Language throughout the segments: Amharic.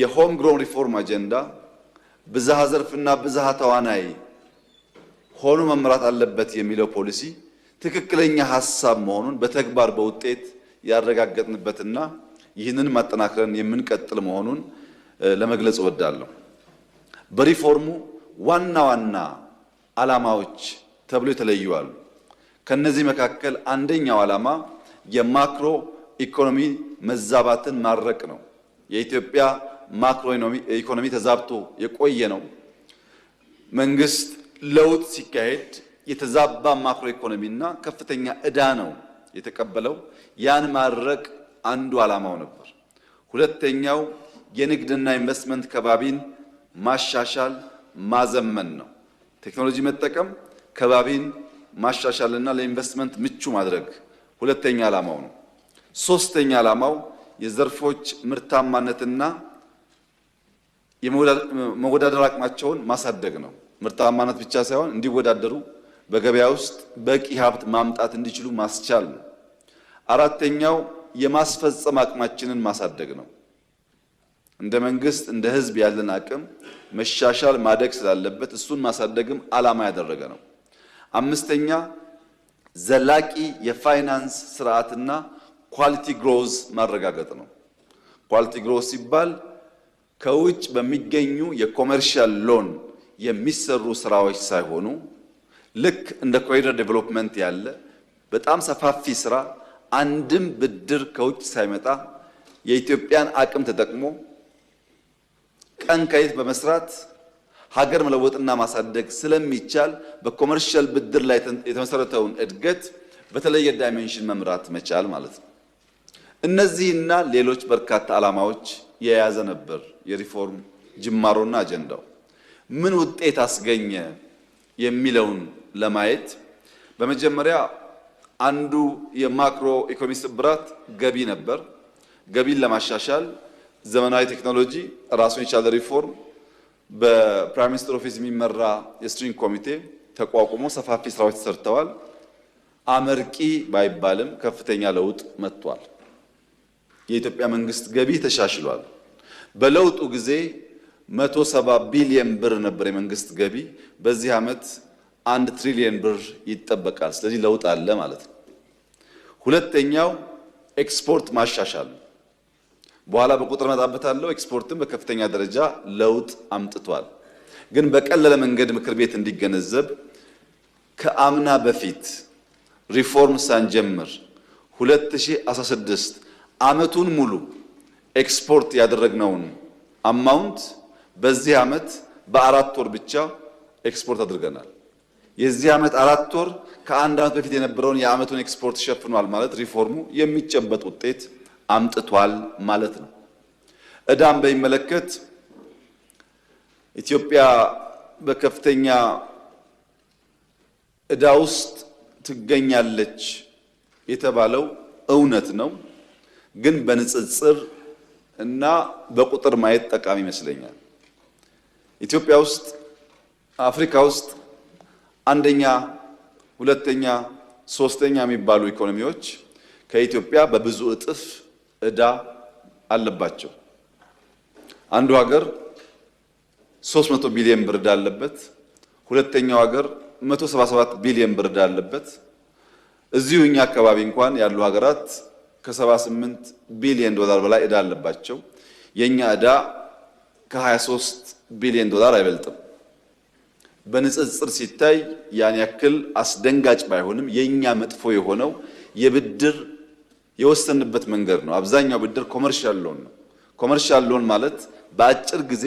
የሆም ግሮን ሪፎርም አጀንዳ ብዝሃ ዘርፍና ብዝሃ ተዋናይ ሆኖ መምራት አለበት የሚለው ፖሊሲ ትክክለኛ ሀሳብ መሆኑን በተግባር በውጤት ያረጋገጥንበትና ይህንን ማጠናክረን የምንቀጥል መሆኑን ለመግለጽ እወዳለሁ። በሪፎርሙ ዋና ዋና ዓላማዎች ተብሎ የተለዩዋሉ። ከነዚህ መካከል አንደኛው ዓላማ የማክሮ ኢኮኖሚ መዛባትን ማድረቅ ነው። የኢትዮጵያ ማክሮ ኢኮኖሚ ተዛብቶ የቆየ ነው። መንግስት ለውጥ ሲካሄድ የተዛባ ማክሮ ኢኮኖሚና ከፍተኛ እዳ ነው የተቀበለው። ያን ማድረግ አንዱ ዓላማው ነበር። ሁለተኛው የንግድና ኢንቨስትመንት ከባቢን ማሻሻል ማዘመን ነው። ቴክኖሎጂ መጠቀም ከባቢን ማሻሻልና ለኢንቨስትመንት ምቹ ማድረግ ሁለተኛ ዓላማው ነው። ሶስተኛ ዓላማው የዘርፎች ምርታማነትና የመወዳደር አቅማቸውን ማሳደግ ነው። ምርታማነት ብቻ ሳይሆን እንዲወዳደሩ በገበያ ውስጥ በቂ ሀብት ማምጣት እንዲችሉ ማስቻል ነው። አራተኛው የማስፈጸም አቅማችንን ማሳደግ ነው። እንደ መንግስት እንደ ህዝብ ያለን አቅም መሻሻል ማደግ ስላለበት እሱን ማሳደግም ዓላማ ያደረገ ነው። አምስተኛ ዘላቂ የፋይናንስ ስርዓትና ኳሊቲ ግሮዝ ማረጋገጥ ነው። ኳሊቲ ግሮዝ ሲባል ከውጭ በሚገኙ የኮመርሻል ሎን የሚሰሩ ስራዎች ሳይሆኑ ልክ እንደ ኮሪደር ዴቨሎፕመንት ያለ በጣም ሰፋፊ ስራ አንድም ብድር ከውጭ ሳይመጣ የኢትዮጵያን አቅም ተጠቅሞ ቀን ከሌት በመስራት ሀገር መለወጥና ማሳደግ ስለሚቻል በኮመርሻል ብድር ላይ የተመሰረተውን እድገት በተለየ ዳይሜንሽን መምራት መቻል ማለት ነው። እነዚህና ሌሎች በርካታ ዓላማዎች የያዘ ነበር የሪፎርም ጅማሮና አጀንዳው ምን ውጤት አስገኘ የሚለውን ለማየት በመጀመሪያ አንዱ የማክሮ ኢኮኖሚ ስብራት ገቢ ነበር። ገቢን ለማሻሻል ዘመናዊ ቴክኖሎጂ፣ ራሱን የቻለ ሪፎርም፣ በፕራይም ሚኒስትር ኦፊስ የሚመራ የስትሪንግ ኮሚቴ ተቋቁሞ ሰፋፊ ስራዎች ተሰርተዋል። አመርቂ ባይባልም ከፍተኛ ለውጥ መጥቷል። የኢትዮጵያ መንግስት ገቢ ተሻሽሏል። በለውጡ ጊዜ 170 ቢሊየን ብር ነበር የመንግስት ገቢ። በዚህ ዓመት አንድ ትሪሊየን ብር ይጠበቃል። ስለዚህ ለውጥ አለ ማለት ነው። ሁለተኛው ኤክስፖርት ማሻሻል በኋላ በቁጥር እመጣበታለሁ። ኤክስፖርትም በከፍተኛ ደረጃ ለውጥ አምጥቷል። ግን በቀለለ መንገድ ምክር ቤት እንዲገነዘብ ከአምና በፊት ሪፎርም ሳንጀምር 2016 አመቱን ሙሉ ኤክስፖርት ያደረግነውን አማውንት በዚህ አመት በአራት ወር ብቻ ኤክስፖርት አድርገናል። የዚህ አመት አራት ወር ከአንድ አመት በፊት የነበረውን የአመቱን ኤክስፖርት ሸፍኗል ማለት ሪፎርሙ የሚጨበጥ ውጤት አምጥቷል ማለት ነው። እዳም በሚመለከት ኢትዮጵያ በከፍተኛ እዳ ውስጥ ትገኛለች የተባለው እውነት ነው። ግን በንጽጽር እና በቁጥር ማየት ጠቃሚ ይመስለኛል። ኢትዮጵያ ውስጥ አፍሪካ ውስጥ አንደኛ፣ ሁለተኛ፣ ሶስተኛ የሚባሉ ኢኮኖሚዎች ከኢትዮጵያ በብዙ እጥፍ እዳ አለባቸው። አንዱ ሀገር 300 ቢሊዮን ብር ዕዳ አለበት። ሁለተኛው ሀገር 177 ቢሊዮን ብር ዕዳ አለበት። እዚሁ እኛ አካባቢ እንኳን ያሉ ሀገራት ከ78 ቢሊዮን ዶላር በላይ እዳ አለባቸው። የእኛ እዳ ከ23 ቢሊዮን ዶላር አይበልጥም። በንጽጽር ሲታይ ያን ያክል አስደንጋጭ ባይሆንም የእኛ መጥፎ የሆነው የብድር የወሰንበት መንገድ ነው። አብዛኛው ብድር ኮመርሻል ሎን ነው። ኮመርሻል ሎን ማለት በአጭር ጊዜ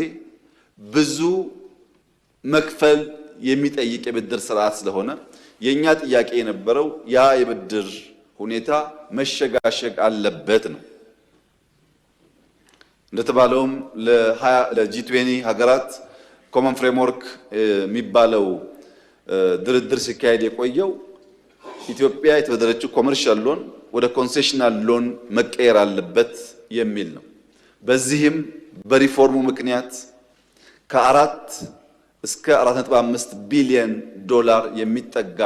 ብዙ መክፈል የሚጠይቅ የብድር ስርዓት ስለሆነ የእኛ ጥያቄ የነበረው ያ የብድር ሁኔታ መሸጋሸግ አለበት ነው። እንደተባለውም ለጂ ትዌኒ ሀገራት ኮመን ፍሬምወርክ የሚባለው ድርድር ሲካሄድ የቆየው ኢትዮጵያ የተበደረችው ኮመርሻል ሎን ወደ ኮንሴሽናል ሎን መቀየር አለበት የሚል ነው። በዚህም በሪፎርሙ ምክንያት ከአራት እስከ አራት ነጥብ አምስት ቢሊየን ዶላር የሚጠጋ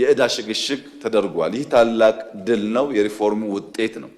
የዕዳ ሽግሽግ ተደርጓል። ይህ ታላቅ ድል ነው፣ የሪፎርሙ ውጤት ነው።